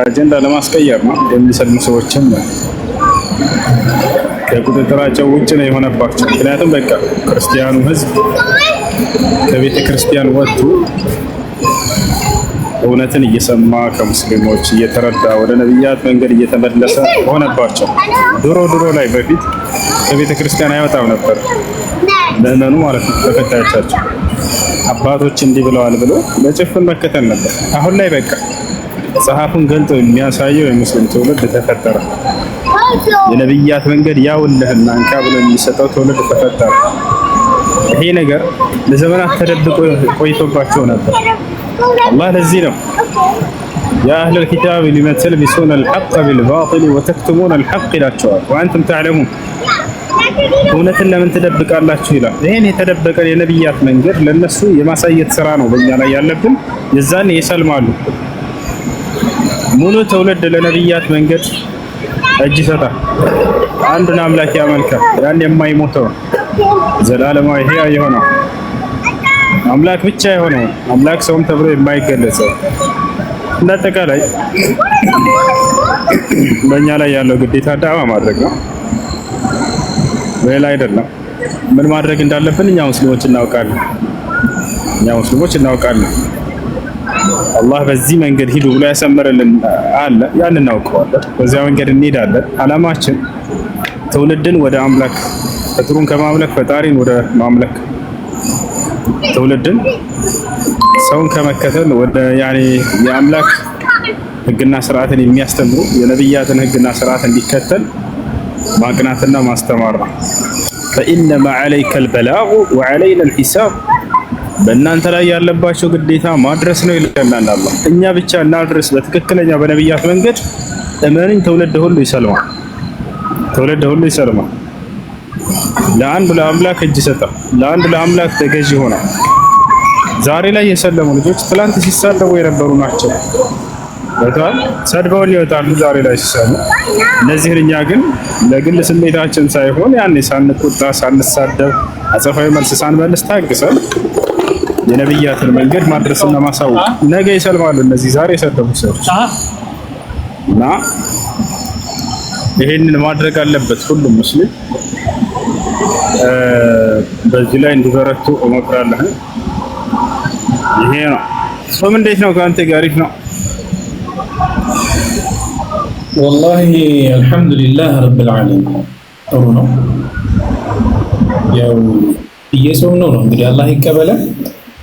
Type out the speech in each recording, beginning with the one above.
አጀንዳ ለማስቀየር ነው የሚሰልሙ ሰዎችም ከቁጥጥራቸው ውጭ ነው የሆነባቸው። ምክንያቱም በቃ ክርስቲያኑ ሕዝብ ከቤተ ክርስቲያን ወጥቶ እውነትን እየሰማ ከሙስሊሞች እየተረዳ ወደ ነቢያት መንገድ እየተመለሰ ሆነባቸው። ድሮ ድሮ ላይ በፊት ከቤተ ክርስቲያን አይወጣም ነበር ምእመኑ ማለት ነው ተከታዮቻቸው አባቶች እንዲህ ብለዋል ብሎ በጭፍን መከተል ነበር። አሁን ላይ በቃ መጽሐፉን ገልጦ የሚያሳየው የሙስሊም ትውልድ ተፈጠረ። የነብያት መንገድ ያውልህና እንካ ብሎ የሚሰጠው ትውልድ ተፈጠረ። ይሄ ነገር ለዘመናት ተደብቆ ቆይቶባቸው ነበር። አላህ ለዚህ ነው የአህለል ኪታብ ሊመ ተልቢሱና አልሐቅ ቢልባጢል ወተክቱሙና አልሐቅ ይላቸዋል። ወአንቱም ተዕለሙን እውነትን ለምን ትደብቃላችሁ ይላል። ይሄን የተደበቀን የነብያት መንገድ ለነሱ የማሳየት ስራ ነው በእኛ ላይ ያለብን። የዛን ይሰልማሉ። ሙሉ ትውልድ ለነብያት መንገድ እጅ ይሰጣል። አንዱን አምላክ ያመልካል። ያን የማይሞተው ዘላለማዊ ሕያው የሆነው አምላክ ብቻ የሆነው አምላክ ሰውም ተብሎ የማይገለጸው እንዳጠቃላይ በእኛ ላይ ያለው ግዴታ ዳዋ ማድረግ ነው፣ ሌላ አይደለም። ምን ማድረግ እንዳለብን እኛ ሙስሊሞች እናውቃለን። እኛ ሙስሊሞች እናውቃለን። አላህ በዚህ መንገድ ሂዱ ብሎ ያሰመረልን አለ። ያን እናውቀዋለን። በዚያ መንገድ እንሄዳለን። አላማችን ትውልድን ወደ አምላክ ፍጡሩን ከማምለክ ፈጣሪን ወደ ማምለክ ትውልድን ሰውን ከመከተል ወደ ያኔ የአምላክ ህግና ስርዓትን የሚያስተምሩ የነብያትን ህግና ስርዓት እንዲከተል ማቅናትና ማስተማር ነው። فإنما عليك البلاغ وعلينا الحساب በእናንተ ላይ ያለባቸው ግዴታ ማድረስ ነው ይለናል አላህ። እኛ ብቻ እናድርስ በትክክለኛ በነብያት መንገድ እመንኝ፣ ትውልድ ሁሉ ይሰልማል። ትውልድ ሁሉ ይሰልማል። ለአንዱ ለአምላክ እጅ ይሰጣል ለአንዱ ለአምላክ ተገዥ ይሆናል ዛሬ ላይ የሰለሙ ልጆች ትላንት ሲሳደቡ የነበሩ ናቸው። በጣም ሰድበውን ይወጣሉ ዛሬ ላይ ሲሰሙ። እነዚህን እኛ ግን ለግል ስሜታችን ሳይሆን ያኔ ሳንቆጣ ሳንሳደብ አጸፋዊ መልስ ሳንመልስ ታግሰን የነብያትን መንገድ ማድረስና ማሳወቅ ነገ ይሰልማሉ። እነዚህ ዛሬ የሰለሙ ሰዎች እና ይሄንን ማድረግ አለበት ሁሉም ሙስሊም። በዚህ ላይ እንዲበረቱ እመክራለሁ። ይሄ ነው ጾም። እንዴት ነው ከአንተ ጋር አሪፍ ነው? ወላሂ አልሐምዱሊላህ ረብል ዓለሚን ጥሩ ነው። ያው እየጾም ነው ነው እንግዲህ አላህ ይቀበላል።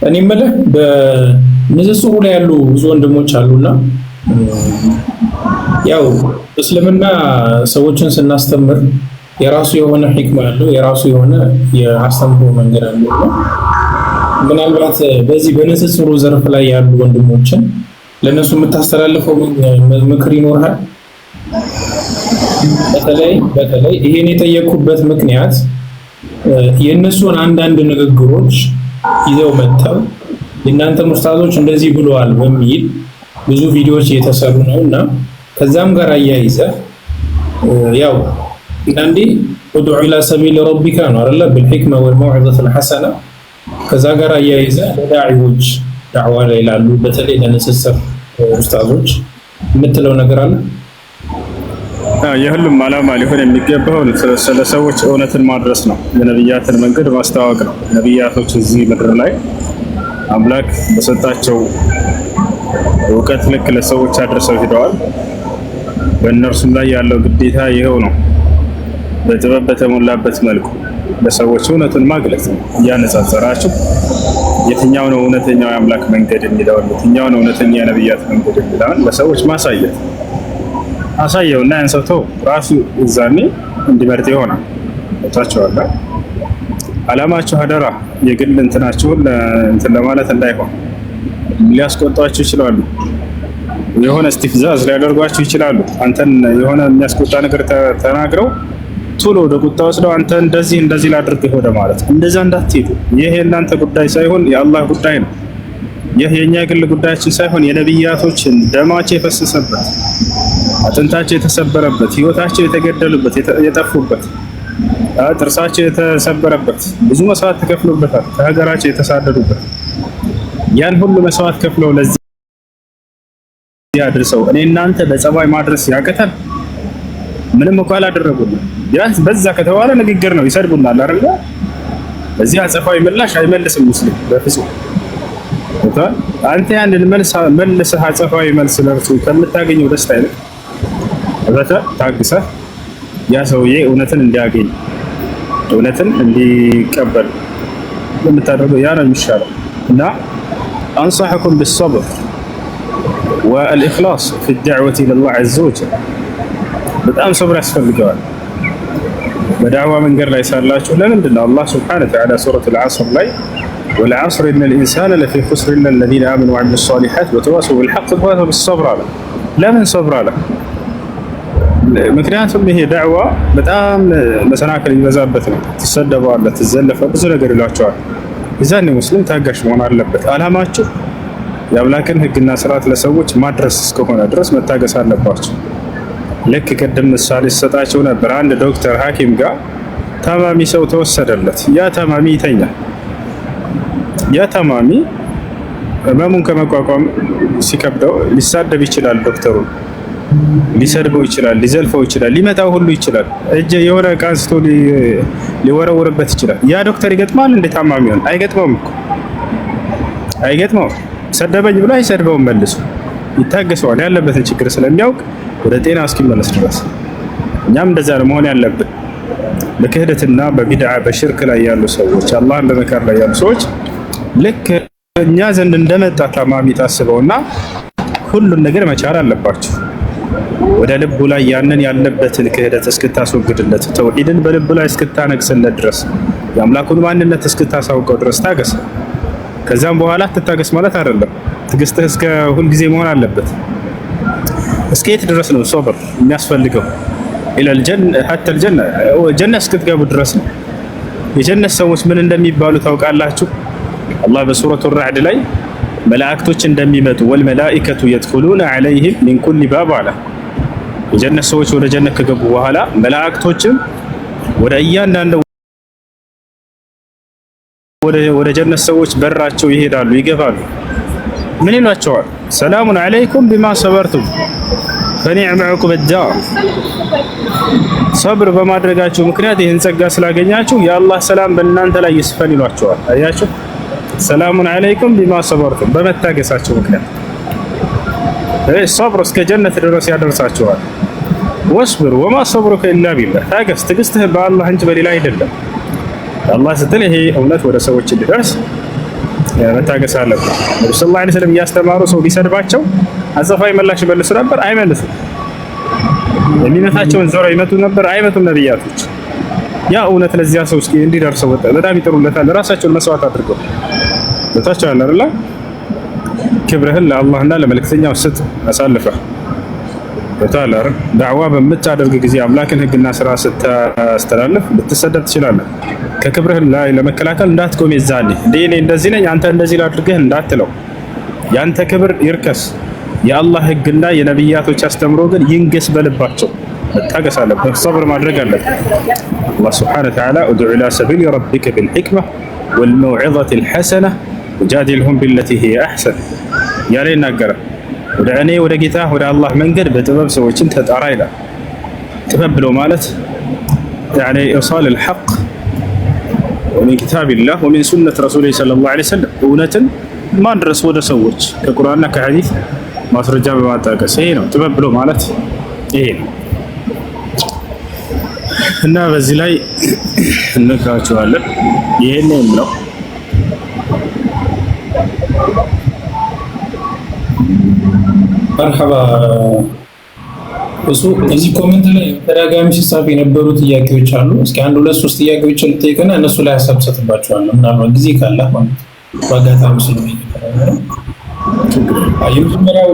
እኔ የምልህ በንጽጽሩ ላይ ያሉ ብዙ ወንድሞች አሉና ያው እስልምና ሰዎችን ስናስተምር የራሱ የሆነ ሂክማ ያለው የራሱ የሆነ የአስተምሮ መንገድ አለው። ምናልባት በዚህ በንጽጽሩ ዘርፍ ላይ ያሉ ወንድሞችን ለእነሱ የምታስተላልፈው ምክር ይኖርሃል? በተለይ በተለይ ይሄን የጠየኩበት ምክንያት የእነሱን አንዳንድ ንግግሮች ይዘው መጥተው የእናንተም ኡስታዞች እንደዚህ ብለዋል በሚል ብዙ ቪዲዮዎች እየተሰሩ ነው እና ከዛም ጋር አያይዘ ያው አንዳንዴ ኡድዑ ኢላ ሰቢል ረቢካ ነው አይደለ? ብልሕክማ ወልመውዒዘቲል ሐሰና ከዛ ጋር አያይዘ ለዳዒዎች ዳዕዋ ላይ ላሉ በተለይ ለንስስር ኡስታዞች የምትለው ነገር አለ። የሁሉም ዓላማ ሊሆን የሚገባው ለሰዎች እውነትን ማድረስ ነው። የነቢያትን መንገድ ማስተዋወቅ ነው። ነቢያቶች እዚህ ምድር ላይ አምላክ በሰጣቸው እውቀት ልክ ለሰዎች አድርሰው ሂደዋል። በእነርሱም ላይ ያለው ግዴታ ይኸው ነው። በጥበብ በተሞላበት መልኩ ለሰዎች እውነቱን ማግለጽ ነው። እያነጻጸራችሁ የትኛው ነው እውነተኛው የአምላክ መንገድ የሚለውን የትኛው ነው እውነተኛ የነቢያት መንገድ የሚለውን ለሰዎች ማሳየት አሳየው እና ያንሰቶ ራሱ እዛኔ እንዲመርጥ ይሆናል። ታቸዋላ አላማቸው አደራ የግል እንትናችሁን እንትን ለማለት እንዳይሆን ሊያስቆጣቸው ይችላሉ። የሆነ እስቲፍዛዝ ሊያደርጓቸው ይችላሉ። አንተን የሆነ የሚያስቆጣ ነገር ተናግረው ቶሎ ወደ ቁጣ ወስደው አንተ እንደዚህ እንደዚህ ላድርግ ወደ ማለት እንደዛ እንዳትሄዱ። ይህ የእናንተ ጉዳይ ሳይሆን የአላህ ጉዳይ ነው። ይህ የእኛ የግል ጉዳያችን ሳይሆን የነብያቶችን ደማቸው የፈሰሰበት አጥንታቸው የተሰበረበት፣ ህይወታቸው የተገደሉበት፣ የጠፉበት፣ ጥርሳቸው የተሰበረበት፣ ብዙ መስዋዕት ተከፍሎበታል። ከሀገራቸው የተሳደዱበት ያን ሁሉ መስዋዕት ከፍለው ለዚህ ያድርሰው እኔ እናንተ በጸባይ ማድረስ ያቀታል። ምንም እኮ አላደረጉልን። ቢያንስ በዛ ከተባለ ንግግር ነው፣ ይሰድቡናል አይደል? በዚህ አጸፋዊ ምላሽ አይመልስም ሙስሊም በፍጹም። አንተ ያንን መልስ መልስህ አጸፋዊ መልስ ለእርሱ ከምታገኘው ደስታ አይደል? ብለህ ታግሰህ ያ ሰውዬ እውነትን እንዲያገኝ እውነትን እንዲቀበል የምታደርገው ያ ነው የሚሻለው እና አንሳሐኩም ብሰብር ወአልኢኽላስ ፊ ዳዕወት ኢለላህ ዐዘ ወጀል በጣም ሰብር ያስፈልገዋል። በዳዕዋ መንገድ ላይ ሳላችሁ ለምንድን ነው አላህ ስብሓነሁ ወተዓላ ሱረቱል ዐስር ላይ ወልዐስሪ ኢነል ኢንሳነ ለፊ ኹስር ኢላ ለዚነ አመኑ ወዐሚሉ ሷሊሓት ወተዋሰው ብልሐቅ ወተዋሰው ብሰብር አለ። ለምን ሰብር አለ? ምክንያቱም ይሄ ዳዕዋ በጣም መሰናክል ይበዛበት ነው። ትሰደበዋለህ፣ ትዘለፈ፣ ብዙ ነገር ይሏቸዋል። የዛኔ ሙስሊም ታጋሽ መሆን አለበት። አላማችሁ የአምላክን ሕግና ስርዓት ለሰዎች ማድረስ እስከሆነ ድረስ መታገስ አለባቸው። ልክ ቅድም ምሳሌ ሲሰጣቸው ነበር። አንድ ዶክተር ሐኪም ጋር ታማሚ ሰው ተወሰደለት። ያ ታማሚ ይተኛል። ያ ታማሚ ህመሙን ከመቋቋም ሲከብደው ሊሳደብ ይችላል ዶክተሩን ሊሰድበው ይችላል፣ ሊዘልፈው ይችላል፣ ሊመጣው ሁሉ ይችላል። እጀ የሆነ ዕቃ አንስቶ ሊወረውርበት ይችላል። ያ ዶክተር ይገጥማል እንዴ? ታማሚውን አይገጥመውም እኮ አይገጥመውም። ሰደበኝ ብሎ አይሰድበውም መልሶ ይታገሰዋል። ያለበትን ችግር ስለሚያውቅ ወደ ጤና እስኪመለስ ድረስ እኛም እንደዛ ነው መሆን ያለብን። በክህደትና በቢድዓ በሽርክ ላይ ያሉ ሰዎች አላህን በመካር ላይ ያሉ ሰዎች ልክ እኛ ዘንድ እንደመጣ ታማሚ ታስበውና ሁሉን ነገር መቻል አለባቸው። ወደ ልቡ ላይ ያንን ያለበትን ክህደት እስክታስወግድለት ተውሂድን በልቡ ላይ እስክታነግስለት ድረስ የአምላኩን ማንነት እስክታሳውቀው ድረስ ታገስ። ከዛም በኋላ ትታገስ ማለት አይደለም። ትግስትህ እስከ ሁልጊዜ መሆን አለበት። እስከ የት ድረስ ነው ሶብር የሚያስፈልገው? ጀነት እስክትገቡ ድረስ ነው። የጀነት ሰዎች ምን እንደሚባሉ ታውቃላችሁ? አላህ በሱረቱ ራዕድ ላይ መላእክቶች እንደሚመጡ ወልመላኢከቱ የድኹሉነ ዐለይሂም ሚን ኩሊ ባብ አለ። የጀነት ሰዎች ወደ ጀነት ከገቡ በኋላ መላእክቶችም ወደ እያንዳንዱ ወደ ጀነት ሰዎች በራቸው ይሄዳሉ፣ ይገባሉ። ምን ይሏቸዋል? ሰላሙን ዐለይኩም ቢማ ሰበርቱም ፈኒዕመ ዑቅበ ዳር፣ ሰብር በማድረጋቸው ምክንያት ይህን ጸጋ ስላገኛችሁ የአላህ ሰላም በእናንተ ላይ ይስፈን ይሏቸዋል። አያችሁ ሰላሙን አለይኩም ቢማ ሰበርቱም በመታገሳችሁ ምክንያት ሶብር እስከ ጀነት ድረስ ያደርሳችኋል። ወስብር ወማ ሰብሩከ ኢላ ቢላህ ታገስ፣ ትዕግስትህ በአላህ እንጂ በሌላ አይደለም። አላህ ስትል ይሄ እውነት ወደ ሰዎች እንዲደርስ መታገስ አለብን። ነብዩ ሰለላሁ ዐለይሂ ወሰለም እያስተማሩ ሰው ቢሰድባቸው አጸፋዊ ምላሽ ይመልሱ ነበር? አይመልሱም። የሚመታቸውን ዞረው ይመቱ ነበር? አይመቱም ነብያቶች ያ እውነት ለዚያ ሰው እስኪ እንዲደርሰው በጣም ይጥሩለታል። ራሳቸውን መስዋዕት አድርገው በታች አለ ክብርህን ለአላህና ለመልእክተኛው ስጥ አሳልፈ በታለር ዳዕዋ በምታደርግ ጊዜ አምላክን ህግና ስራ ስታስተላልፍ ልትሰደድ ትችላለህ። ከክብርህ ላይ ለመከላከል እንዳትቆም ይዛል ዲኔ እንደዚህ ነኝ አንተ እንደዚህ ላድርግህ እንዳትለው። ያንተ ክብር ይርከስ፣ የአላህ ህግና የነቢያቶች አስተምሮ ግን ይንገስ በልባቸው። መታገስ አለብህ፣ ሰብር ማድረግ አለብህ። አላህ ስብሓነ ወተዓላ ኡድዑ ኢላ ሰቢል ረቢከ ብልሕክማ ወልመውዒዘት ልሐሰነ ወጃዲልሁም ብለቲ ሂየ አሕሰን እያለ ይናገራል። ወደ እኔ ወደ ጌታ ወደ አላህ መንገድ በጥበብ ሰዎችን ተጣራ ይላል። ጥበብ ብሎ ማለት ያኔ ኢርሳል ልሐቅ ወሚን ኪታቢላህ ወሚን ሱነት ረሱሊህ ሰለላሁ ዐለይሂ ወሰለም እውነትን ማድረስ ወደ ሰዎች ከቁርአንና ከሐዲስ ማስረጃ በማጣቀስ ይሄ ነው ጥበብ ብሎ ማለት ይሄ ነው። እና በዚህ ላይ እንካቸዋለን። ይሄንን ነው መርሐባ እሱ እዚህ ኮሜንት ላይ ተደጋጋሚ ሲሳብ የነበሩ ጥያቄዎች አሉ። እስኪ አንድ ሁለት ሶስት ጥያቄዎች ልጠይቅና እነሱ ላይ ሀሳብ ሰጥባቸዋለሁ። ምናልባት ጊዜ ካለ ማለት በአጋጣሚ ስለ የመጀመሪያው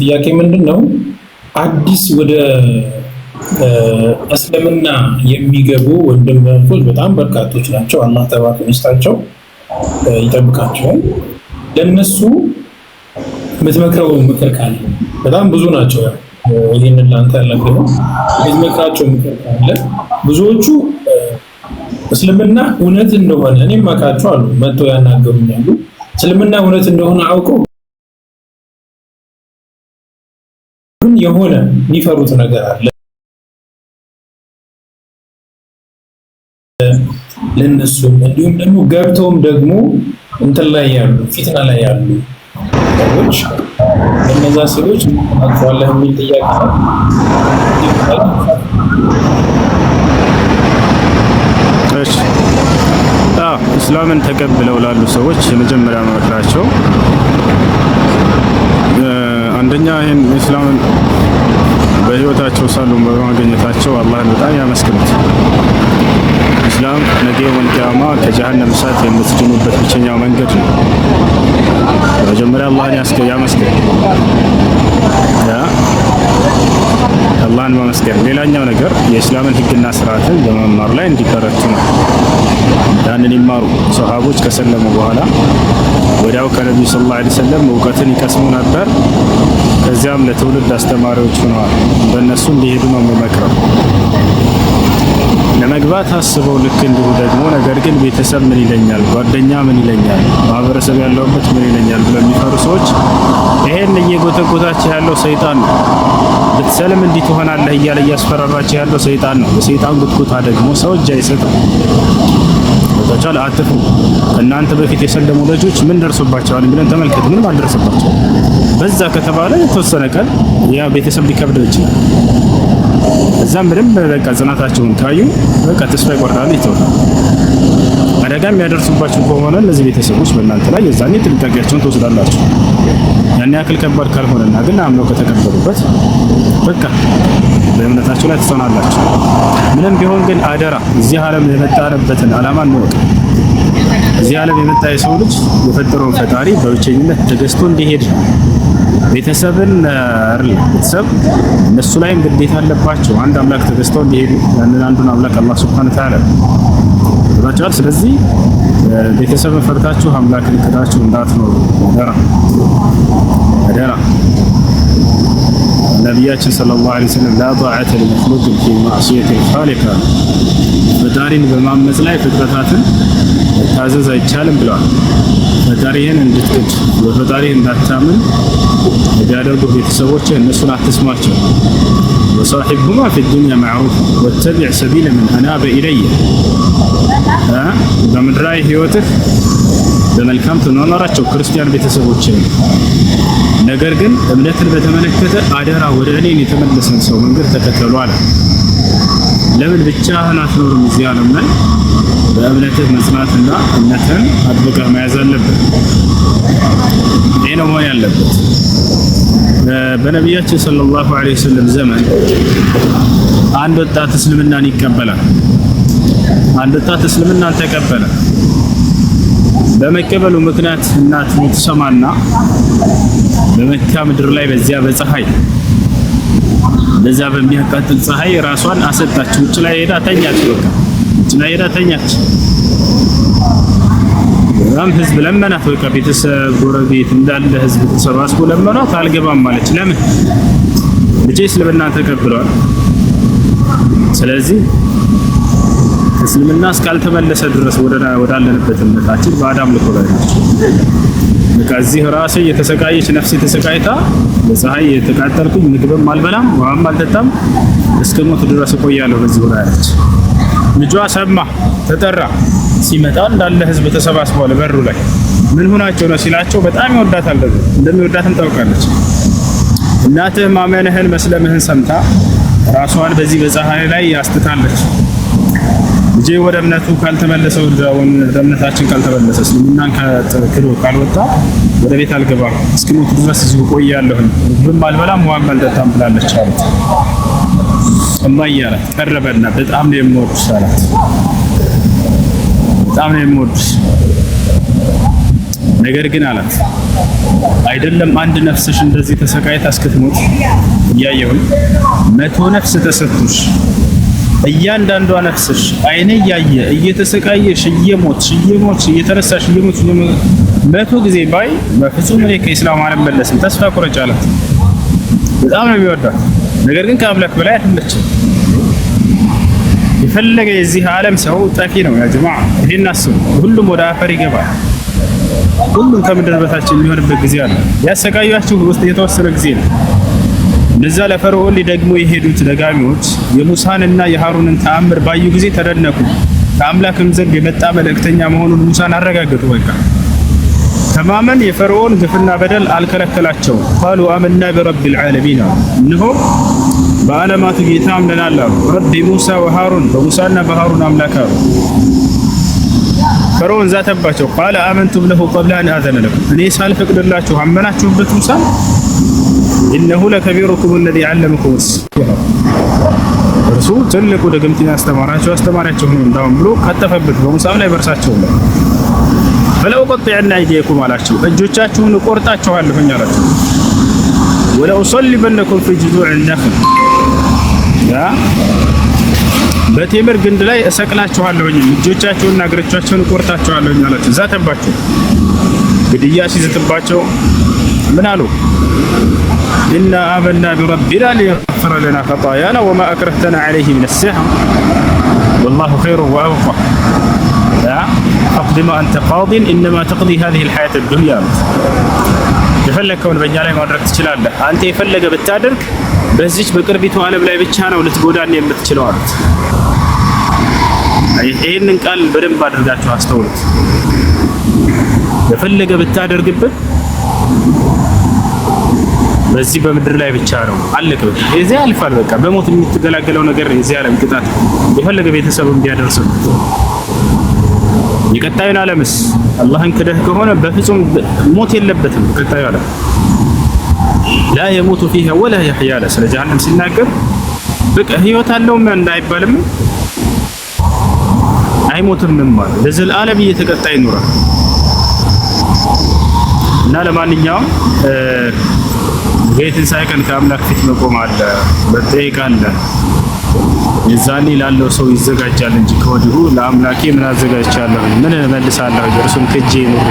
ጥያቄ ምንድን ነው አዲስ ወደ እስልምና የሚገቡ ወንድም እህቶች በጣም በርካቶች ናቸው። አላህ ተባረከ ይስጣቸው ይጠብቃቸዋል። ለእነሱ የምትመክረው ምክር ካለ በጣም ብዙ ናቸው። ይህን ለአንተ ያለግነው የምትመክራቸው ምክር ካለ ብዙዎቹ እስልምና እውነት እንደሆነ እኔም አውቃቸው አሉ መጥተው ያሉ እስልምና እውነት እንደሆነ አውቀው ግን የሆነ የሚፈሩት ነገር አለ ለነሱ እንዲሁም ደግሞ ገብተውም ደግሞ እንትን ላይ ያሉ ፊትና ላይ ያሉ ሰዎች እነዛ ሰዎች አጥዋለህ የሚል ጥያቄ እስላምን ተቀብለው ላሉ ሰዎች የመጀመሪያ መመክራቸው አንደኛ ይህን እስላምን በህይወታቸው ሳሉ በማገኘታቸው አላህን በጣም ያመስግኑት። ኢስላም ነገ ወልቅያማ ከጀሃነም እሳት የምትድኑበት ብቸኛው መንገድ ነው። መጀመሪያ አላህን ያመስገን፣ አላህን ማመስገን። ሌላኛው ነገር የእስላምን ህግና ስርዓትን በመማር ላይ እንዲበረቱ ነው። ያንን ይማሩ። ሰሃቦች ከሰለሙ በኋላ ወዲያው ከነቢዩ ሰለላሁ ዐለይሂ ወሰለም እውቀትን ይቀስሙ ነበር። ከዚያም ለትውልድ አስተማሪዎች ሆነዋል። በእነሱ እንዲሄዱ ነው የምመክረው። ለመግባት አስበው ልክ እንዲሁ ደግሞ ነገር ግን ቤተሰብ ምን ይለኛል፣ ጓደኛ ምን ይለኛል፣ ማህበረሰብ ያለውበት ምን ይለኛል ብለው የሚፈሩ ሰዎች ይሄን እየጎተጎታቸው ያለው ሰይጣን ነው። ብትሰልም እንዲህ ትሆናለህ እያለ እያስፈራራቸው ያለው ሰይጣን ነው። በሰይጣን ጉትጉታ ደግሞ ሰው እጅ አይሰጥም። ተመልክቷቸዋል። አትፉ። እናንተ በፊት የሰለሙ ልጆች ምን ደርሶባቸዋል ብለን ተመልከት። ምንም አልደረሰባቸውም። በዛ ከተባለ የተወሰነ ቀን ያ ቤተሰብ ሊከብደው ይችላል። እዛም በደንብ በቃ ጽናታቸውን ካዩ በቃ ተስፋ ይቆርጣሉ፣ ይተውታል። አደጋ የሚያደርሱባችሁ ከሆነ እነዚህ ቤተሰቦች በእናንተ ላይ የዛኔ ጥንቃቄያቸውን ትወስዳላችሁ። ያን ያክል ከባድ ካልሆነና ግን አምነው ከተቀበሉበት በቃ በእምነታቸው ላይ ትጸናላችሁ። ምንም ቢሆን ግን አደራ እዚህ ዓለም የመጣንበትን ዓላማ እንወቅ። እዚህ ዓለም የመጣ የሰው ልጅ የፈጠረውን ፈጣሪ በብቸኝነት ተገዝቶ እንዲሄድ ቤተሰብን ቤተሰብ እነሱ ላይም ግዴታ አለባቸው። አንድ አምላክ ተገዝተው እንዲሄዱ ያንን አንዱን አምላክ አላህ ሱብሓነሁ ወተዓላ ባቸዋል። ስለዚህ ቤተሰብን ፈርታችሁ አምላክን ክዳችሁ እንዳትኖሩ አደራ አደራ። ነቢያችን ሰለላሁ ዐለይሂ ወሰለም ላ ጣዓተ ሊመኽሉቅን ፊ ማዕሲየቲል ኻሊቅ አሉ። ፈጣሪን በማመጽ ላይ ፍጥረታትን መታዘዝ አይቻልም ብለዋል። ፈጣሪህን እንድትክድ በፈጣሪህ እንዳታምን የሚያደርጉህ ቤተሰቦችህ እነሱን አትስማቸው። ወሳሒብሁማ ፊ ዱንያ ማዕሩፍ ወተቢዕ ሰቢለ ምን አናበ ኢለየ በምድራዊ ህይወትህ በመልካም ትኗኗራቸው ክርስቲያን ቤተሰቦች። ነገር ግን እምነትን በተመለከተ አደራ ወደ እኔን የተመለሰን ሰው መንገድ ተከተሉ አለ። ለምን ብቻህን አትኖርም እዚህ ዓለም ላይ? በእምነትህ መጽናትና እምነትን አጥብቀህ መያዝ አለብህ። ይህ ነው መሆን ያለበት። በነቢያችን ሰለላሁ ዐለይሂ ወሰለም ዘመን አንድ ወጣት እስልምናን ይቀበላል። አንድ ወጣት እስልምናን ተቀበለ። በመቀበሉ ምክንያት እናት ትሰማና በመካ ምድር ላይ በዚያ በፀሐይ በዚያ በሚያቃጥል ፀሐይ ራሷን አሰጣች። ውጭ ላይ ሄዳ ተኛች። በቃ ውጭ ላይ ሄዳ ተኛች። በጣም ህዝብ ለመናት። በቃ ቤተሰብ ጎረቤት እንዳለ ህዝብ ተሰባስቦ ለመኗት። አልገባም ማለች። ለምን ልጄ እስልምና ተቀብሏል። ስለዚህ እስልምና እስካልተመለሰ ድረስ ወዳለንበት እምነታችን በአዳም ልኮ ላይ ናቸው። በቃ እዚህ ራሴ የተሰቃየች ነፍሴ ተሰቃይታ በፀሐይ የተቃጠልኩኝ ምግብም አልበላም ውሃም አልጠጣም እስከ ሞት ድረስ እቆያለሁ። በዚህ ወራ ያለች ልጇ ሰማ ተጠራ። ሲመጣ እንዳለ ህዝብ ተሰባስበዋል በሩ ላይ ምን ሆናቸው ነው ሲላቸው በጣም ይወዳታል። እንደሚወዳትም ታውቃለች። እናትህ ማመንህን መስለምህን ሰምታ ራሷን በዚህ በፀሐይ ላይ ያስትታለች። ልጄ ወደ እምነቱ ካልተመለሰ ወደ እምነታችን ካልተመለሰ እስልምናን ክዶ ካልወጣ ወደ ቤት አልገባም፣ እስኪሞት ድረስ እዚሁ ቆያለሁኝ፣ ምግብም አልበላም፣ ውሃም አልጠጣም ብላለች አሉት። እማዬ አላት ቀረበና በጣም ነው የምወድሽ አላት። በጣም ነው የምወድሽ ነገር ግን አላት አይደለም አንድ ነፍስሽ እንደዚህ ተሰቃይታ እስክትሞት እያየሁኝ መቶ ነፍስ ተሰጥቶሽ እያንዳንዷ ነፍስሽ አይኔ እያየ እየተሰቃየሽ እየሞትሽ እየሞትሽ እየተነሳሽ እየሞትሽ መቶ ጊዜ ባይ በፍጹም እኔ ከኢስላም አልመለስም ተስፋ ቁረጭ አላት። በጣም ነው የሚወዳት። ነገር ግን ከአምላክ በላይ አይደለችም። የፈለገ የዚህ ዓለም ሰው ጠፊ ነው። ያ ጀማ ይሄን አስቡ። ሁሉም ወደ አፈር ይገባል። ሁሉም ከምድር በታች የሚሆንበት ጊዜ አለ። ያሰቃያችሁ ውስጥ የተወሰነ ጊዜ ነው። ለዛ ለፈርዖን ሊደግሙ የሄዱት ደጋሚዎች የሙሳንና የሃሩንን ተአምር ባዩ ጊዜ ተደነቁ። ከአምላክም ዘንድ የመጣ መልእክተኛ መሆኑን ሙሳን አረጋገጡ። በቃ ተማመን የፈርዖን ግፍና በደል አልከለከላቸው ቃሉ አመና ቢረቢል ዓለሚን አሉ። እንሆ በዓለማቱ ጌታ አምነናል አሉ። ረቢ ሙሳ ወሃሩን በሙሳና በሃሩን አምላክ አሉ። ፈርዖን ዛተባቸው። ቃለ አመንቱም ለሁ ቀብለ አን አዘነ ለኩም፣ እኔ ሳልፈቅድላችሁ አመናችሁበት ሙሳ ኢነሁ ለከቢሩኩም አለዚ ዐለመኩም ሲሕር እርሱ ትልቁ ድግምትን ያስተማራቸው አስተማሪያቸው ነው እንዳውም ብሎ ቀጠፈበት በሙሳም ላይ በእርሳቸው ላይ ፈለው ቀጥዕና አይዲየኩም አላቸው እጆቻችሁን እቆርጣችኋለሁኝ አላቸው ወለኡሰሊበነኩም ፊ ጁዙዕ ነኽል ያ በቴምር ግንድ ላይ እሰቅላችኋለሁኝ እጆቻችሁንና እግሮቻችሁን እቆርጣችኋለሁኝ አላቸው ዛተባቸው ግድያ ሲዘትባቸው ምን አሉ? ኢና አመና ቢረቢና ሊየግፊረ ለና ኸጣያና ወማ አክረህተና ዐለይሂ ሚነ ሲሕር ወላሁ ኸይሩን ወአብቃ ፈቅድ አንተ ቃዲን ኢነማ ተቅዲ ሀዚሂል ሐያተ ዱንያ አሉት። የፈለግከውን በእኛ ላይ ማድረግ ትችላለህ። አንተ የፈለገ ብታደርግ በዚች በቅርቢቱ ዓለም ላይ ብቻ ነው ልትጎዳን የምትችለው አሉት። ይህንን ቃል በደንብ አድርጋችሁ አስተውሉት። የፈለገ ብታደርግብን በዚህ በምድር ላይ ብቻ ነው። አለቀ እዚህ ያልፋል። በቃ በሞት የምትገላገለው ነገር እዚህ ዓለም ቅጣት የፈለገ ቤተሰብ ቢያደርሰው የቀጣዩን ዓለምስ አላህን ክደህ ከሆነ በፍጹም ሞት የለበትም። ቀጣዩ ዓለም ላ የሞቱ ፊሃ ወላ የሕያ አለ ስለ ጀሃነም ሲናገር በቃ ህይወት አለውም እንዳይባልም አይሞትም ማለት ለዘላለም እየተቀጣ ይኖራል እና ለማንኛውም የትንሣኤ ቀን ከአምላክ ፊት መቆም አለ፣ መጠየቅ አለ። የዛኔ ላለው ሰው ይዘጋጃል እንጂ ከወዲሁ ለአምላኬ ምን አዘጋጅቻለሁ፣ ምን እመልሳለሁ፣ እርሱን ክጄ ኑሬ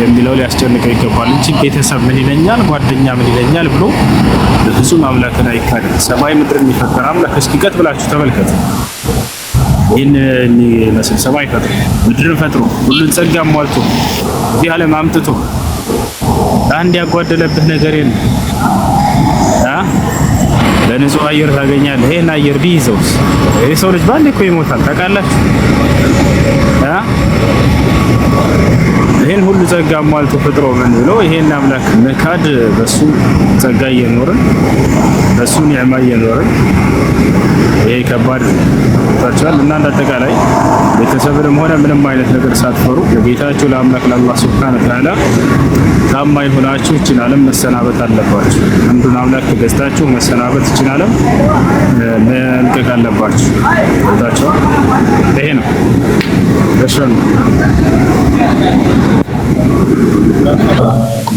የሚለው ሊያስጨንቀው ይገባል እንጂ ቤተሰብ ምን ይለኛል፣ ጓደኛ ምን ይለኛል ብሎ በፍጹም አምላክን አይካድም። ሰማይ ምድር የሚፈጠር አምላክ እስኪ ቀጥ ብላችሁ ተመልከቱ። ይህን የሚመስል ሰማይ ፈጥሮ ምድርን ፈጥሮ ሁሉን ጸጋ ሟልቶ እዚህ ዓለም አምጥቶ አንድ ያጓደለብህ ነገር የለም። በንጹህ አየር ታገኛለህ። ይሄን አየር ቢይዘውስ የሰው ልጅ ባንዴ እኮ ይሞታል ታውቃለህ። ይሄን ሁሉ ጸጋ አሟልቶ ፍጥሮ ምን ብሎ ይሄን አምላክ መካድ? በሱ ጸጋ እየኖርን በሱ ኒዕማ እየኖርን ይሄ ከባድ ታቻል እና እንዳጠቃላይ ቤተሰብንም ሆነ ምንም አይነት ነገር ሳትፈሩ ለጌታችሁ ለአምላክ ለአላህ ሱብሓነሁ ወተዓላ ታማኝ ሆናችሁ ይችን ዓለም መሰናበት አለባችሁ። አንዱን አምላክ ተገዝታችሁ መሰናበት ይችን ዓለም መልቀቅ አለባችሁ። ታቻው ይሄ ነው። रेस्टोरेंट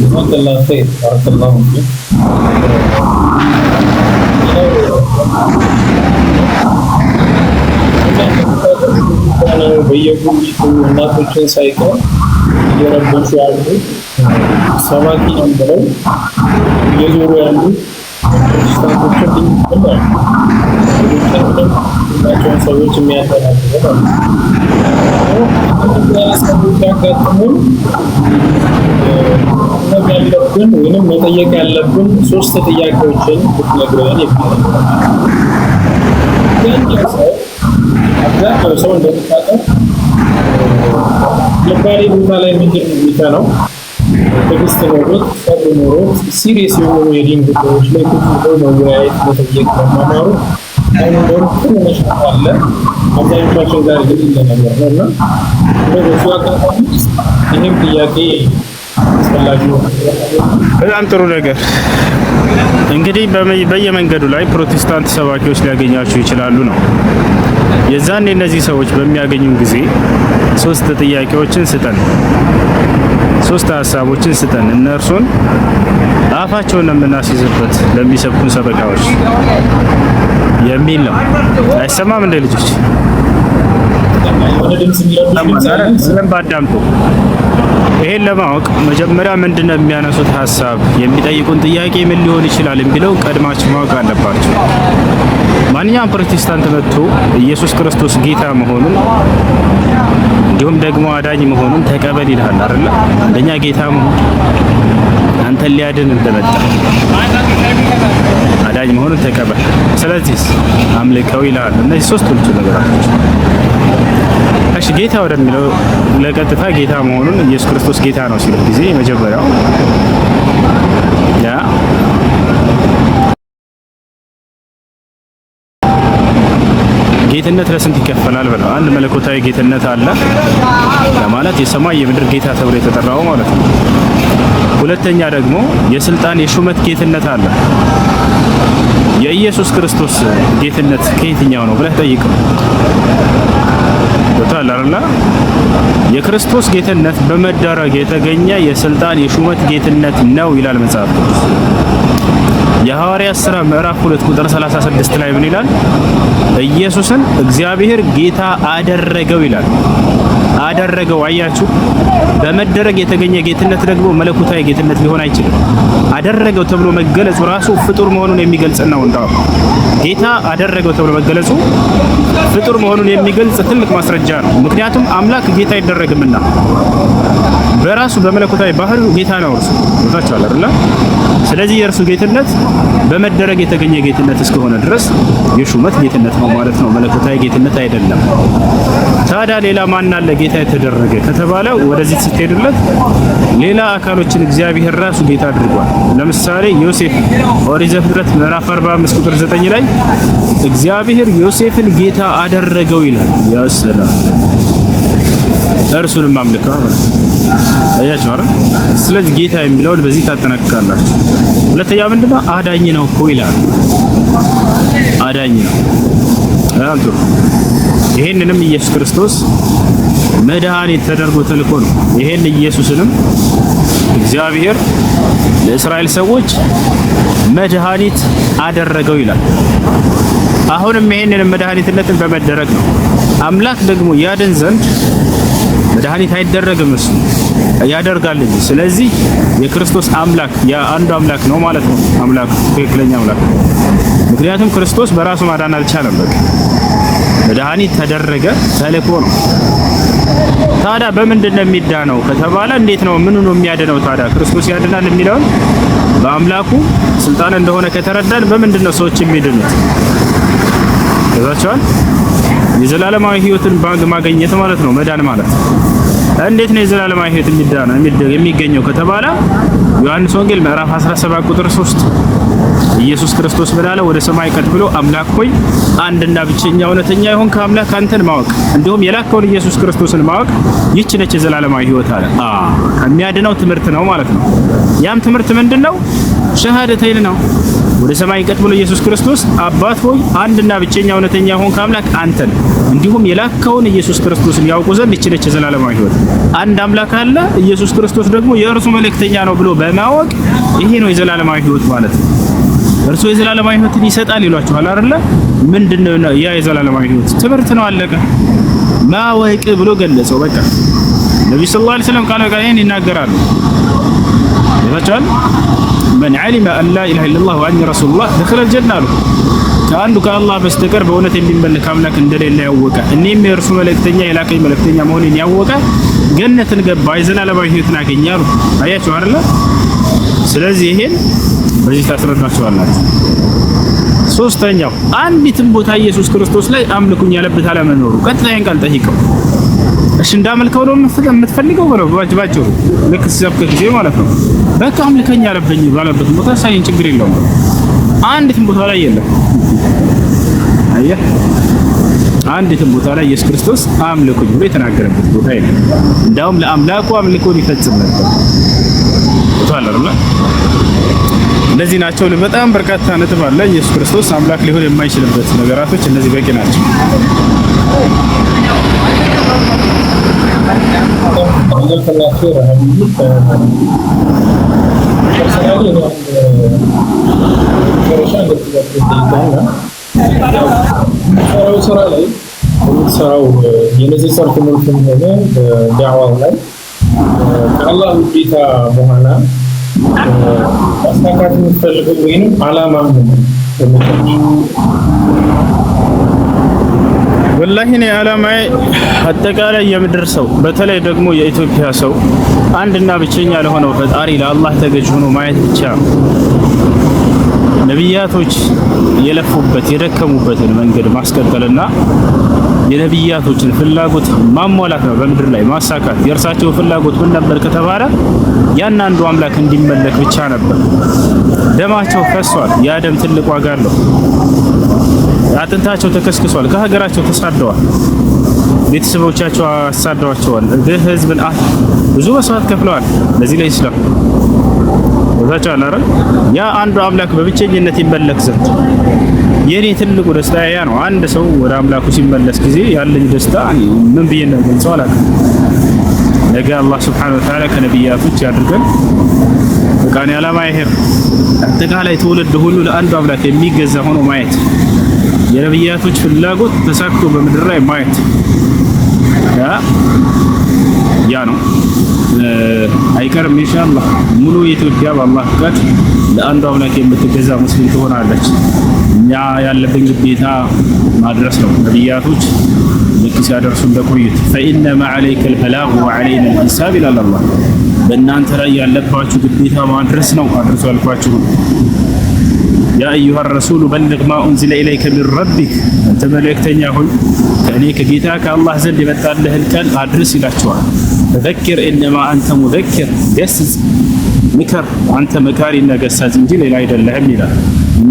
ಇವತ್ತೆಲ್ಲಂತೆ ಭಾರತಲ್ಲ ಉಂಟು వెయ్యకు మీకు ఉన్న క్వశ్చన్స్ అయితే ఇరవై ఆడు సభకి అందరం ఏజూరు అండి ሁላቸውን ሰዎች የሚያደራግበው ሰዎች ያለብን ወይም መጠየቅ ያለብን ሶስት ጥያቄዎችን ብትነግረን ይባላል። አብዛኛው ሰው አብዛኛው ሰው ቦታ ላይ ምንድን ነው የሚተነው? ትዕግስት ሰብ ሲሪየስ የሆኑ የዲን ጉዳዮች ላይ መወያየት መጠየቅ መማማሩ አይኖሮም አለ አብዛኞቻችን ጋር ግን ነገር ነው እና አጋጣሚ ይህም ጥያቄ በጣም ጥሩ ነገር እንግዲህ በየመንገዱ ላይ ፕሮቴስታንት ሰባኪዎች ሊያገኛችሁ ይችላሉ ነው። የዛኔ እነዚህ ሰዎች በሚያገኙ ጊዜ ሶስት ጥያቄዎችን ስጠን። ሶስት ሀሳቦችን ስጠን፣ እነርሱን አፋቸውን የምናስይዝበት ለሚሰብኩን ሰበካዎች የሚል ነው። አይሰማም እንደ ልጆች ስለም ባዳምጡ። ይሄን ለማወቅ መጀመሪያ ምንድን ነው የሚያነሱት ሀሳብ፣ የሚጠይቁን ጥያቄ ምን ሊሆን ይችላል የሚለው ቀድማችሁ ማወቅ አለባቸው ማንኛውም ፕሮቴስታንት መጥቶ ኢየሱስ ክርስቶስ ጌታ መሆኑን እንዲሁም ደግሞ አዳኝ መሆኑን ተቀበል ይልሃል አይደል? አንደኛ ጌታ አንተ ሊያድን እንደመጣ አዳኝ መሆኑን ተቀበል። ስለዚህ አምልከው ይልሃል። እነዚህ ሶስት ልጅ ነገራቶች። እሺ ጌታ ወደሚለው ለቀጥታ ጌታ መሆኑን ኢየሱስ ክርስቶስ ጌታ ነው ሲል ጊዜ የመጀመሪያው ያ ጌትነት ለስንት ይከፈላል ብለው አንድ መለኮታዊ ጌትነት አለ ለማለት የሰማይ የምድር ጌታ ተብሎ የተጠራው ማለት ነው። ሁለተኛ ደግሞ የስልጣን የሹመት ጌትነት አለ። የኢየሱስ ክርስቶስ ጌትነት ከየትኛው ነው ብለህ ጠይቀው። ይወጣል የክርስቶስ ጌትነት በመዳረግ የተገኘ የስልጣን የሹመት ጌትነት ነው ይላል መጽሐፍ ቅዱስ። የሐዋርያት ሥራ ምዕራፍ 2 ቁጥር 36 ላይ ምን ይላል? ኢየሱስን እግዚአብሔር ጌታ አደረገው ይላል። አደረገው። አያችሁ፣ በመደረግ የተገኘ ጌትነት ደግሞ መለኮታዊ ጌትነት ሊሆን አይችልም። አደረገው ተብሎ መገለጹ ራሱ ፍጡር መሆኑን የሚገልጽ ነው። እንደው ጌታ አደረገው ተብሎ መገለጹ ፍጡር መሆኑን የሚገልጽ ትልቅ ማስረጃ ነው። ምክንያቱም አምላክ ጌታ አይደረግምና በራሱ በመለኮታዊ ባህሪው ጌታ ነው እርሱ ታቻለ አይደል? ስለዚህ የእርሱ ጌትነት በመደረግ የተገኘ ጌትነት እስከሆነ ድረስ የሹመት ጌትነት ነው ማለት ነው። መለኮታዊ ጌትነት አይደለም። ታዲያ ሌላ ማን አለ ጌታ ጌታ የተደረገ ከተባለ ወደዚህ ስትሄዱለት ሌላ አካሎችን እግዚአብሔር ራሱ ጌታ አድርጓል። ለምሳሌ ዮሴፍ ኦሪት ዘፍጥረት ምዕራፍ 45 ቁጥር 9 ላይ እግዚአብሔር ዮሴፍን ጌታ አደረገው ይላል። ያሰላ እርሱንም ማለት አያችሁ አይደል? ስለዚህ ጌታ የሚለውን በዚህ ታጠናቅቃላችሁ። ሁለተኛ ምንድነው? አዳኝ ነው እኮ ይላል። አዳኝ ነው። አንተ ይሄንንም ኢየሱስ ክርስቶስ መድኃኒት ተደርጎ ተልኮ ነው። ይሄን ኢየሱስንም እግዚአብሔር ለእስራኤል ሰዎች መድኃኒት አደረገው ይላል። አሁንም ይሄንን መድኃኒትነትን በመደረግ ነው። አምላክ ደግሞ ያድን ዘንድ መድኃኒት አይደረግም፣ እሱ ያደርጋል እንጂ። ስለዚህ የክርስቶስ አምላክ የአንዱ አምላክ ነው ማለት ነው። አምላክ ትክክለኛ አምላክ፣ ምክንያቱም ክርስቶስ በራሱ ማዳን አልቻለም። በቃ መድኃኒት ተደረገ ተልኮ ነው። ታዲያ በምንድን ነው የሚዳነው ከተባለ እንዴት ነው ምኑ ነው የሚያድነው? ታዲያ ክርስቶስ ያድናል የሚለውን በአምላኩ ስልጣን እንደሆነ ከተረዳን በምንድን ነው ሰዎች የሚድኑት? እዛቸዋል የዘላለማዊ ህይወትን ባንክ ማገኘት ማለት ነው መዳን ማለት እንዴት ነው የዘላለማዊ ህይወት የሚዳነው የሚገኘው ከተባለ ዮሐንስ ወንጌል ምዕራፍ 17 ቁጥር 3 ኢየሱስ ክርስቶስ ብላለ ወደ ሰማይ ቀጥ ብሎ አምላክ ሆይ አንድና ብቸኛ እውነተኛ ይሆን ከአምላክ አንተን ማወቅ እንዲሁም የላከውን ኢየሱስ ክርስቶስን ማወቅ ይቺ ነች የዘላለማዊ ህይወት አለ። የሚያድነው ትምህርት ነው ማለት ነው። ያም ትምህርት ምንድን ነው? ሸሃደተይን ነው። ወደ ሰማይ ቀጥ ብሎ ኢየሱስ ክርስቶስ አባት ሆይ አንድና ብቸኛ እውነተኛ ይሆን ከአምላክ አንተን እንዲሁም የላከውን ኢየሱስ ክርስቶስን ያውቁ ዘንድ ይቺ ነች የዘላለማዊ ህይወት። አንድ አምላክ አለ፣ ኢየሱስ ክርስቶስ ደግሞ የእርሱ መልእክተኛ ነው ብሎ በማወቅ ይሄ ነው የዘላለማዊ ህይወት ማለት ነው። እርሱ የዘላለማዊ ሕይወትን ይሰጣል ይሏችኋል አይደለ? ምንድነው ያ የዘላለማዊ ሕይወት? ትምህርት ነው አለቀ። ማወቅ ብሎ ገለጸው። በቃ ነብዩ ሰለላሁ ዐለይሂ ወሰለም ቃል በቃል ይናገራሉ። ይባቻል መን ዓሊመ አላ ኢላሀ ኢላሃ ኢለላሁ ወአኒ ረሱሉላህ ደኸለል ጀና አሉ። ከአንዱ ከአላህ በስተቀር በእውነት የሚመለክ አምላክ እንደሌለ ያወቀ እኔም የእርሱ መልእክተኛ የላከኝ መልእክተኛ መሆኔን ያወቀ ገነትን ገባ፣ የዘላለማዊ ሕይወትን አገኛሉ። አያችሁ አይደለ? ስለዚህ ይሄን በዚህ ታስረዳቸዋላችሁ። ሶስተኛው አንዲትም ቦታ ኢየሱስ ክርስቶስ ላይ አምልኩኝ ያለበት አለመኖሩ። ቀጥታ ይሄን ቃል ጠይቀው እሺ እንዳመልከው ነው የምትፈልገው ብለው ባጭባጭው ልክ ሲሰብከ ጊዜ ማለት ነው። በቃ አምልከኝ ያለበኝ ባለበት ቦታ ሳይን ችግር የለውም። አንዲትም ቦታ ላይ የለም። አየህ፣ አንዲትም ቦታ ላይ ኢየሱስ ክርስቶስ አምልኩኝ ብሎ የተናገረበት ቦታ የለም። እንዳውም ለአምላኩ አምልኮን ይፈጽም ነበር። እነዚህ ናቸው። በጣም በርካታ ነጥብ አለ። ኢየሱስ ክርስቶስ አምላክ ሊሆን የማይችልበት ነገራቶች እነዚህ በቂ ናቸው። ስራ ላይ የነዚህ ሰርክ ምልክም ሆነ በዳዕዋው ላይ ከአላህ ውዴታ በኋላ ማሳካት የምትፈልገው ወይም አላማ ወላሂ እኔ አላማዬ አጠቃላይ የምድር ሰው በተለይ ደግሞ የኢትዮጵያ ሰው አንድና ብቸኛ ለሆነው ፈጣሪ ለአላህ ተገዥ ሆኖ ማየት ብቻ ነው። ነቢያቶች የለፉበት የደከሙበትን መንገድ ማስቀጠልና የነቢያቶችን ፍላጎት ማሟላት ነው በምድር ላይ ማሳካት። የእርሳቸው ፍላጎት ምን ነበር ከተባለ ያን አንዱ አምላክ እንዲመለክ ብቻ ነበር። ደማቸው ፈሷል። ያ ደም ትልቅ ዋጋ አለው። አጥንታቸው ተከስክሷል። ከሀገራቸው ተሳደዋል። ቤተሰቦቻቸው አሳደዋቸዋል። ህዝብን ብዙ መስዋዕት ከፍለዋል። ለዚህ ላይ ኢስላም ወዛቻ ያ አንዱ አምላክ በብቸኝነት ይመለክ ዘንድ የኔ ትልቁ ደስታ ያ ነው። አንድ ሰው ወደ አምላኩ ሲመለስ ጊዜ ያለኝ ደስታ ምን ብዬ ገልጸው አላውቅም። ነገ አላህ ሱብሓነሁ ወተዓላ ከነቢያቶች ያድርገን። በቃ እኔ ዓላማ ይሄ አጠቃላይ ትውልድ ሁሉ ለአንዱ አምላክ የሚገዛ ሆኖ ማየት፣ የነቢያቶች ፍላጎት ተሳክቶ በምድር ላይ ማየት ያ ነው አይቀርም። ኢንሻአላህ ሙሉ የኢትዮጵያ በአላህ ፈቃድ ለአንዱ አምላክ የምትገዛ ሙስሊም ትሆናለች። እኛ ያለብን ግዴታ ማድረስ ነው። ነቢያቶች ልክ ሲያደርሱ እንደቆዩት ፈኢነማ ዓለይከ ልበላግ ወዓለይና ልሂሳብ ይላል አላህ። በእናንተ ላይ ያለባችሁ ግዴታ ማድረስ ነው። አድርሱ ያልኳችሁን ያ አዩሃ ረሱሉ በልግ ማ ኡንዚለ ኢለይከ ሚን ረቢክ፣ አንተ መልእክተኛ ሆይ ከእኔ ከጌታ ከአላህ ዘንድ የመጣልህን ቃል አድርስ ይላቸዋል። ተዘክር ኢነማ አንተ ሙዘክር ገስጽ፣ ምከር አንተ መካሪና ገሳጽ እንጂ ሌላ አይደለህም ይላል።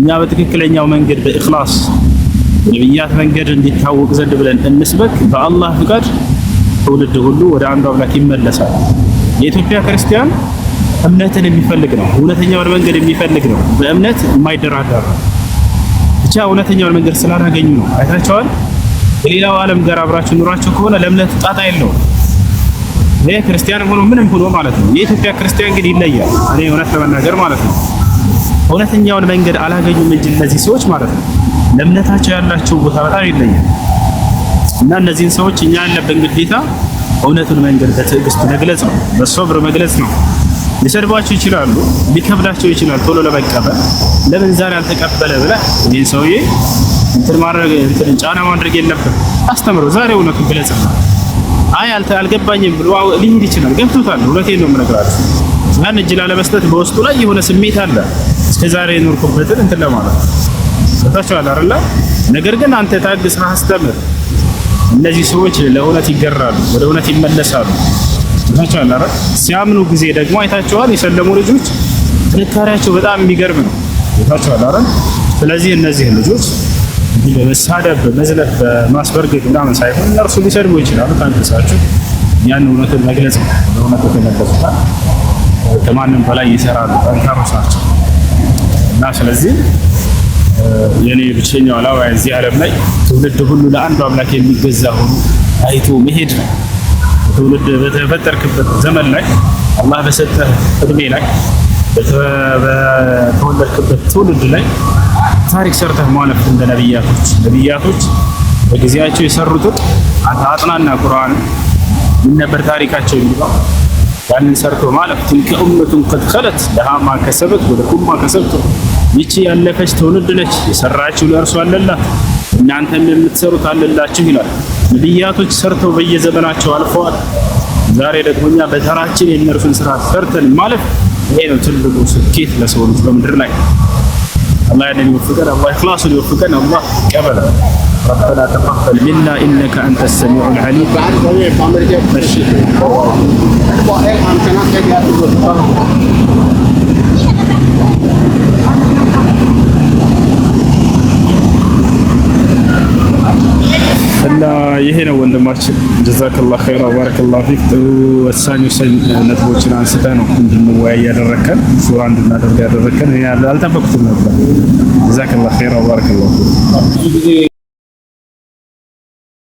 እኛ በትክክለኛው መንገድ በእክላስ የብያት መንገድ እንዲታወቅ ዘንድ ብለን እንስበክ። በአላህ ፍቃድ ትውልድ ሁሉ ወደ አንዱ አምላክ ይመለሳል። የኢትዮጵያ ክርስቲያን እምነትን የሚፈልግ ነው። እውነተኛውን መንገድ የሚፈልግ ነው። በእምነት የማይደራደር ነው። ብቻ እውነተኛውን መንገድ ስላላገኙ ነው። አይታቸዋል። ከሌላው ዓለም ጋር አብራችሁ ኑሯቸው ከሆነ ለእምነት ጣጣ የለውም። ይህ ክርስቲያን ሆኖ ምንም ሆኖ ማለት ነው። የኢትዮጵያ ክርስቲያን ግን ይለያል። እኔ እውነት ለመናገር ማለት ነው እውነተኛውን መንገድ አላገኙም እንጂ እነዚህ ሰዎች ማለት ነው ለእምነታቸው ያላቸው ቦታ በጣም ይለያል። እና እነዚህን ሰዎች እኛ ያለብን ግዴታ እውነቱን መንገድ በትዕግስት መግለጽ ነው፣ በሶብር መግለጽ ነው። ሊሰድቧቸው ይችላሉ፣ ሊከብዳቸው ይችላል ቶሎ ለመቀበል። ለምን ዛሬ አልተቀበለ ብለህ ይህን ሰውዬ እንትን ማድረግ እንትን ጫና ማድረግ የለብን። አስተምረው፣ ዛሬ እውነቱን ግለጽ ነው። አይ አልገባኝም ብሎ ሊሄድ ይችላል። ገብቶታል። እውነቴን ነው የምነግራችሁ። ያን እጅ ላለመስጠት በውስጡ ላይ የሆነ ስሜት አለ። እስከዛሬ የኖርኩበትን እንትን ለማለት ሰጣችኋል አይደለ? ነገር ግን አንተ ታግስ፣ አስተምር። እነዚህ ሰዎች ለእውነት ይገራሉ፣ ወደ እውነት ይመለሳሉ። ሰጣችኋል አይደለ? ሲያምኑ ጊዜ ደግሞ አይታችኋል፣ የሰለሙ ልጆች ጥንካሬያቸው በጣም የሚገርም ነው። ሰጣችኋል አይደለ? ስለዚህ እነዚህ ልጆች በመሳደብ በመዝለፍ በማስበርገግ ምናምን ሳይሆን እነርሱ ሊሰድቡ ይችላሉ። ታግሳችሁ ያን እውነትን መግለጽ ነው። ለእውነት ተመለሱታል። ከማንም በላይ ይሰራሉ። ጠንካሮች ናቸው። እና ስለዚህ የኔ ብቸኛው ዓላማ እዚህ ዓለም ላይ ትውልድ ሁሉ ለአንዱ አምላክ የሚገዛ ሆኖ አይቶ መሄድ ነው። ትውልድ በተፈጠርክበት ዘመን ላይ አላህ በሰጠህ እድሜ ላይ በተወለድክበት ትውልድ ላይ ታሪክ ሰርተህ ማለፍ እንደ ነቢያቶች ነቢያቶች በጊዜያቸው የሰሩትን አንተ አጥናና ቁርአን ምን ነበር ታሪካቸው የሚለው ያንን ሰርቶ ማለፍ ትልከ ኡመቱን ቀድ ኸለት ለሃማ ከሰበት ወለኩማ ከሰብቶ ይቺ ያለፈች ትውልድ ነች፣ የሰራችው ለእርሱ አለላት፣ እናንተም የምትሰሩት አለላችሁ ይላል። ነቢያቶች ሰርተው በየዘመናቸው አልፈዋል። ዛሬ ደግሞ እኛ በተራችን የእነርሱን ስራ ሰርተን ማለፍ ይሄ ነው ትልቁ ስኬት ለሰው ልጅ በምድር ላይ። አላህ ያለን ይወፍቀን፣ አላህ ኢኽላሱን ይወፍቀን፣ አላህ ይቀበል። ረበና ተቀበል ሚና ኢነከ አንተ ሰሚዑ ልዓሊም። ይሄ ነው ወንድማችን። ጀዛከላህ ኸይራ ባረከላ ፊክ። ጥሩ ወሳኝ ወሳኝ ነጥቦችን አንስተ ነው እንድንወያይ ያደረከን፣ ሹራ እንድናደርግ ያደረከን። እኔ አልጠበኩትም ነበር። ጀዛከላ ኸይራ ባረከላ